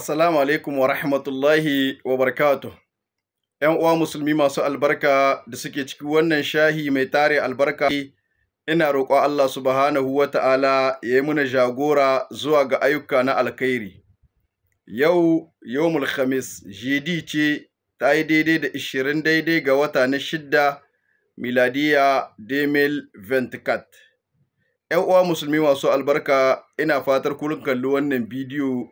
Assalamu alaikum wa rahmatullahi wa barakatuh. ‘Yan uwa musulmi masu albarka da suke ciki wannan shahi mai tare albarka, ina roƙo Allah subhanahu wa ta'ala ya yi muna jagora zuwa ga ayyuka na alkhairi. Yau, yau Khamis, jidi ce ta yi daidai da ishirin daidai ga wata na shidda miladiya Demil Ventikat. ‘Yan uwa musulmi masu albarka, ina fatar kulun kalli wannan bidiyo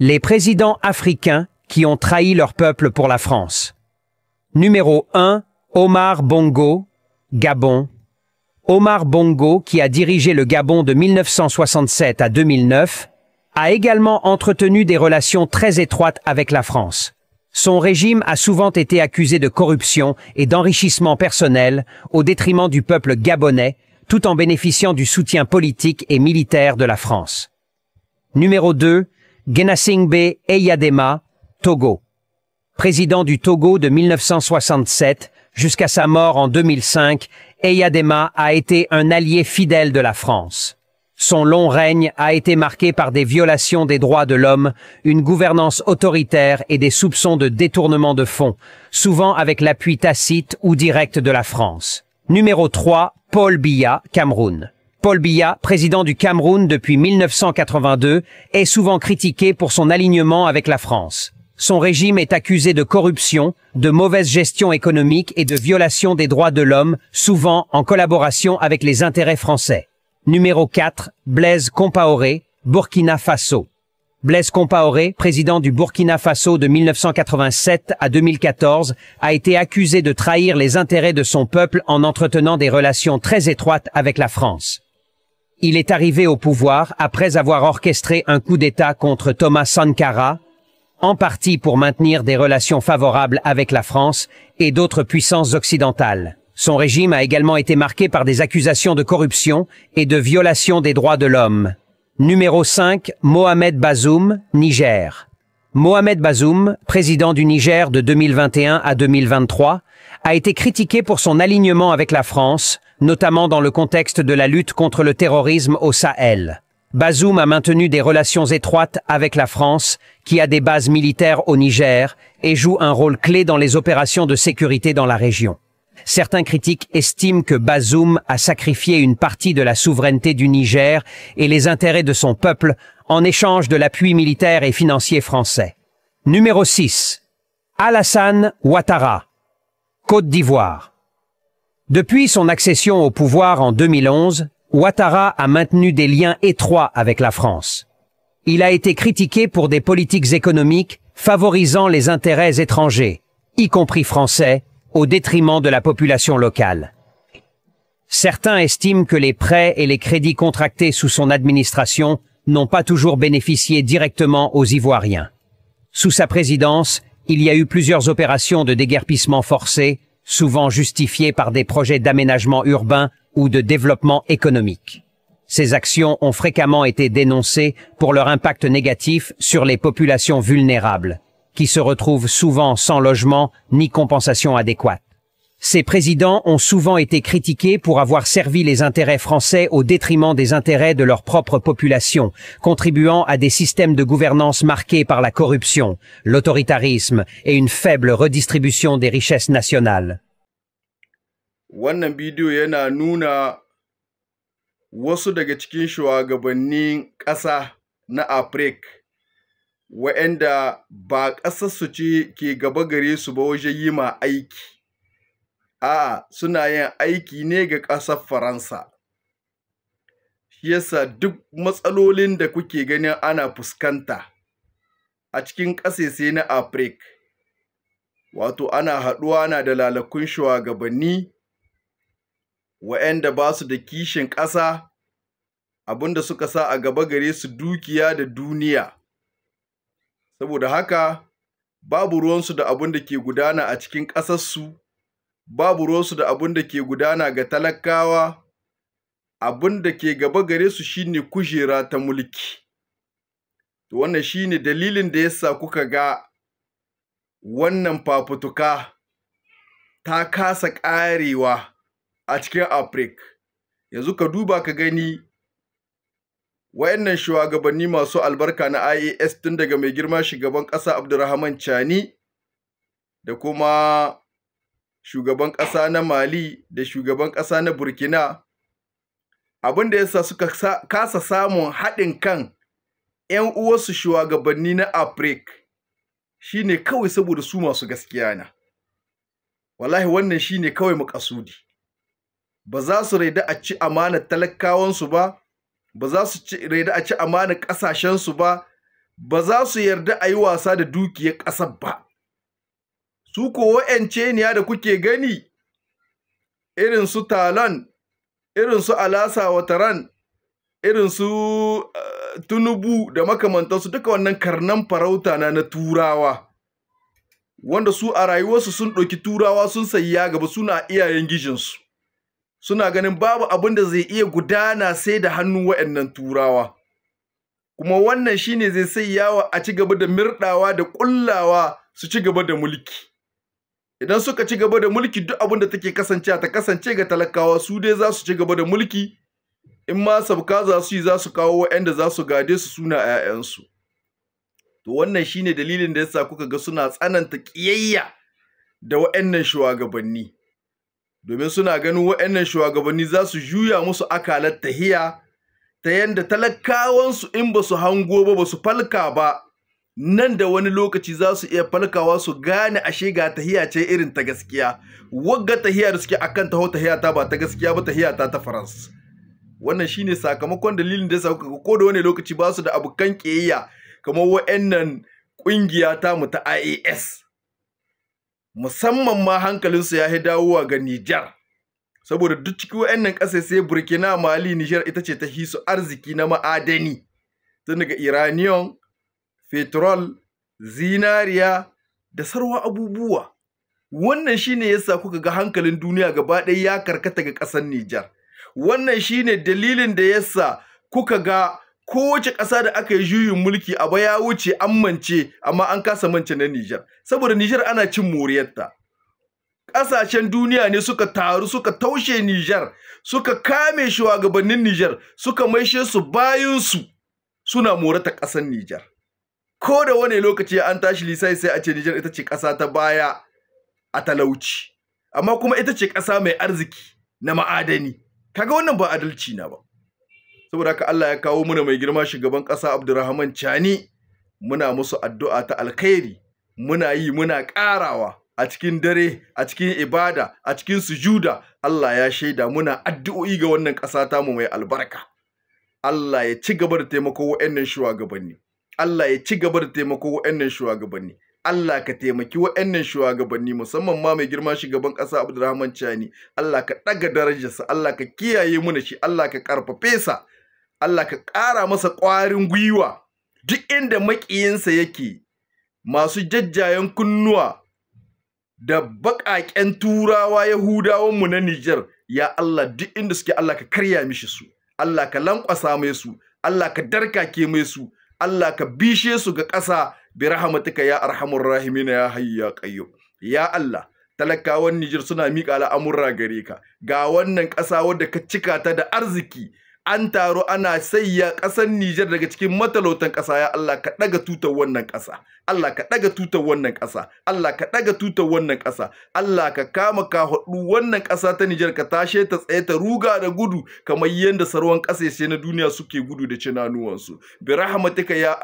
Les présidents africains qui ont trahi leur peuple pour la France. Numéro 1, Omar Bongo, Gabon. Omar Bongo, qui a dirigé le Gabon de 1967 à 2009, a également entretenu des relations très étroites avec la France. Son régime a souvent été accusé de corruption et d'enrichissement personnel au détriment du peuple gabonais, tout en bénéficiant du soutien politique et militaire de la France. Numéro 2, Genasingbe Eyadema, Togo. Président du Togo de 1967 jusqu'à sa mort en 2005, Eyadema a été un allié fidèle de la France. Son long règne a été marqué par des violations des droits de l'homme, une gouvernance autoritaire et des soupçons de détournement de fonds, souvent avec l'appui tacite ou direct de la France. Numéro 3, Paul Biya, Cameroun. Paul Biya, président du Cameroun depuis 1982, est souvent critiqué pour son alignement avec la France. Son régime est accusé de corruption, de mauvaise gestion économique et de violation des droits de l'homme, souvent en collaboration avec les intérêts français. Numéro 4, Blaise Compaoré, Burkina Faso. Blaise Compaoré, président du Burkina Faso de 1987 à 2014, a été accusé de trahir les intérêts de son peuple en entretenant des relations très étroites avec la France. Il est arrivé au pouvoir après avoir orchestré un coup d'État contre Thomas Sankara, en partie pour maintenir des relations favorables avec la France et d'autres puissances occidentales. Son régime a également été marqué par des accusations de corruption et de violation des droits de l'homme. Numéro 5, Mohamed Bazoum, Niger. Mohamed Bazoum, président du Niger de 2021 à 2023, a été critiqué pour son alignement avec la France, notamment dans le contexte de la lutte contre le terrorisme au Sahel. Bazoum a maintenu des relations étroites avec la France, qui a des bases militaires au Niger et joue un rôle clé dans les opérations de sécurité dans la région. Certains critiques estiment que Bazoum a sacrifié une partie de la souveraineté du Niger et les intérêts de son peuple en échange de l'appui militaire et financier français. Numéro 6. Alassane Ouattara, Côte d'Ivoire. Depuis son accession au pouvoir en 2011, Ouattara a maintenu des liens étroits avec la France. Il a été critiqué pour des politiques économiques favorisant les intérêts étrangers, y compris français, au détriment de la population locale. Certains estiment que les prêts et les crédits contractés sous son administration n'ont pas toujours bénéficié directement aux Ivoiriens. Sous sa présidence, il y a eu plusieurs opérations de déguerpissement forcé, souvent justifiées par des projets d'aménagement urbain ou de développement économique. Ces actions ont fréquemment été dénoncées pour leur impact négatif sur les populations vulnérables, qui se retrouvent souvent sans logement ni compensation adéquate. Ces présidents ont souvent été critiqués pour avoir servi les intérêts français au détriment des intérêts de leur propre population, contribuant à des systèmes de gouvernance marqués par la corruption, l'autoritarisme et une faible redistribution des richesses nationales. a'a suna yin aiki ne ga ƙasar Faransa. Shi yasa duk matsalolin da kuke ganin ana fuskanta a cikin sai na Afrik, wato ana haɗuwa na da lalakun shugabanni wa'yanda ba su da kishin ƙasa abinda suka sa a gaba gare su dukiya da duniya. Saboda haka, babu ruwansu da abin da ke gudana a cikin ƙasarsu babu ruwansu da abin da ke gudana ga talakawa abin da ke gaba gare su shine kujera ta mulki to wannan shine dalilin da yasa kuka ga wannan fafutuka ta kasa ƙarewa a cikin afrik yanzu ka duba ka gani wayannan shugabanni masu albarka na IAS tun daga mai girma shugaban ƙasa Abdurrahman Chani da kuma shugaban ƙasa na mali da shugaban ƙasa na burkina abin da yasa suka kasa samun haɗin kan 'yan uwarsu shugabanni na afrik shine kawai saboda su masu gaskiya na wallahi wannan shine kawai makasudi ba za su raida a ci amana talakawansu ba ba za su raida a ci amanar ƙasashensu ba ba za su yarda a yi wasa da dukiyar ƙasar ba su ko ceniya da kuke gani irin su Talon, irin su alasa wataran irin su eh, tunubu da makamantansu duka wannan karnan farauta na na turawa wanda su a rayuwarsu sun ɗauki turawa sun sayya gaba suna iyayen gijinsu suna ganin babu abin da zai iya gudana sai da hannun wa'annan turawa kuma wannan shine zai sai yawa a ci gaba da mirɗawa da ƙullawa su ci gaba da mulki idan suka ci gaba da mulki duk abin da take kasance ta kasance ga talakawa su dai za su ci gaba da mulki in ma sabka za su yi za su kawo waɗanda za su gade su suna a 'ya'yansu to wannan shine dalilin da yasa kuka ga suna tsananta ƙiyayya da wa'annan shugabanni domin suna ganin wa'annan shugabanni za su juya musu akalar tahiya ta yanda talakawansu in ba su hango ba ba su falka ba nan da wani lokaci za su iya falkawa su gane ashe ga tahiya ce irin ta gaskiya wagga tahiya da suke akan taho tahiya ta ba ta gaskiya ba tahiya ta ta farans wannan shine sakamakon dalilin da sauka ko da wani lokaci ba su da kan kiyayya kamar wa'annan kungiya ta mu ta IAS musamman ma hankalinsu ya dawowa ga Nijar saboda duk cikin wa'annan ƙasa sai Burkina Mali Nijar ita ce ta hisu arziki na ma'adani tun daga Iraniyon. fetrol, zinariya da sarwa abubuwa. Wannan shine yasa kuka ga hankalin duniya gaba ɗaya ya karkata ga ƙasar Nijar. Wannan shine dalilin da yasa kuka ga kowace ƙasa da aka yi juyin mulki a baya wuce an mance amma an kasa mance na Nijar. Saboda Nijar ana cin moriyarta. ƙasashen duniya ne suka taru suka taushe Nijar, suka kame shugabannin Nijar, suka maishe su bayansu suna morata ƙasar Nijar. ko da wani lokaci an tashi lisai sai a ce Nijar ita ce ƙasa ta baya a talauci amma kuma ita ce ƙasa mai arziki na ma'adani kaga wannan ba adalci na ba saboda haka Allah ya kawo muna mai girma shugaban ƙasa Abdurrahman Chani muna musu addu'a ta alkhairi muna yi muna ƙarawa a cikin dare a cikin ibada a cikin sujuda Allah ya shaida muna addu'o'i ga wannan ƙasa tamu mai albarka Allah ya ci gaba da taimako wa'annan shugabanni Allah ya ci gaba da taimako wa'annan shugabanni Allah ka taimaki wa'annan shugabanni musamman ma mai girma shugaban ƙasa Abdulrahman Chani Allah ka ɗaga darajarsa Allah ka kiyaye muna shi Allah ka ƙarfafe sa Allah ka ƙara masa ƙwarin gwiwa duk inda maƙiyinsa yake masu jajjayen kunnuwa da baƙaƙen turawa yahudawan mu na Nijar ya Allah duk inda suke Allah ka karya mishi su Allah ka lankwasa mai su Allah ka darkake mai su Allah ka bishe su ga ƙasa bi rahmatika ya arhamur rahimin ya hayyu ya qayyum ya Allah talakawan Nijar suna miƙa al'amurra gare ka ga wannan ƙasa wadda ka cika ta da arziki an taro ana sayya ƙasar Nijar daga cikin matalautan ƙasa ya Allah ka ɗaga tutar wannan ƙasa Allah ka ɗaga tutar wannan ƙasa Allah ka ɗaga tutar wannan ƙasa Allah ka kama ka haɗu wannan ƙasa ta Nijar ka tashe ta tsaye ta ruga da gudu kamar yadda sarwan sai na duniya suke gudu da cinanuwansu bi rahmatika ya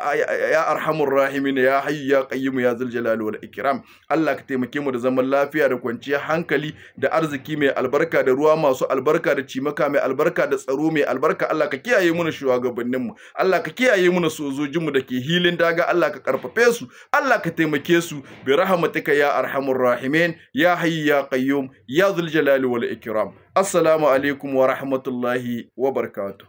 ya arhamur rahimin ya hayyu ya qayyim ya zal jalali wal ikram Allah ka taimake mu da zaman lafiya da kwanciyar hankali da arziki mai albarka da ruwa masu albarka da cimaka mai albarka da tsaro mai albarka albarka Allah ka kiyaye muna shugabannin mu Allah ka kiyaye muna sojojin mu dake hilin daga Allah ka karfafe su Allah ka taimake su bi rahmatika ya arhamur rahimin ya hayy ya qayyum ya dhul jalali wal ikram assalamu alaikum wa rahmatullahi wa barakatuh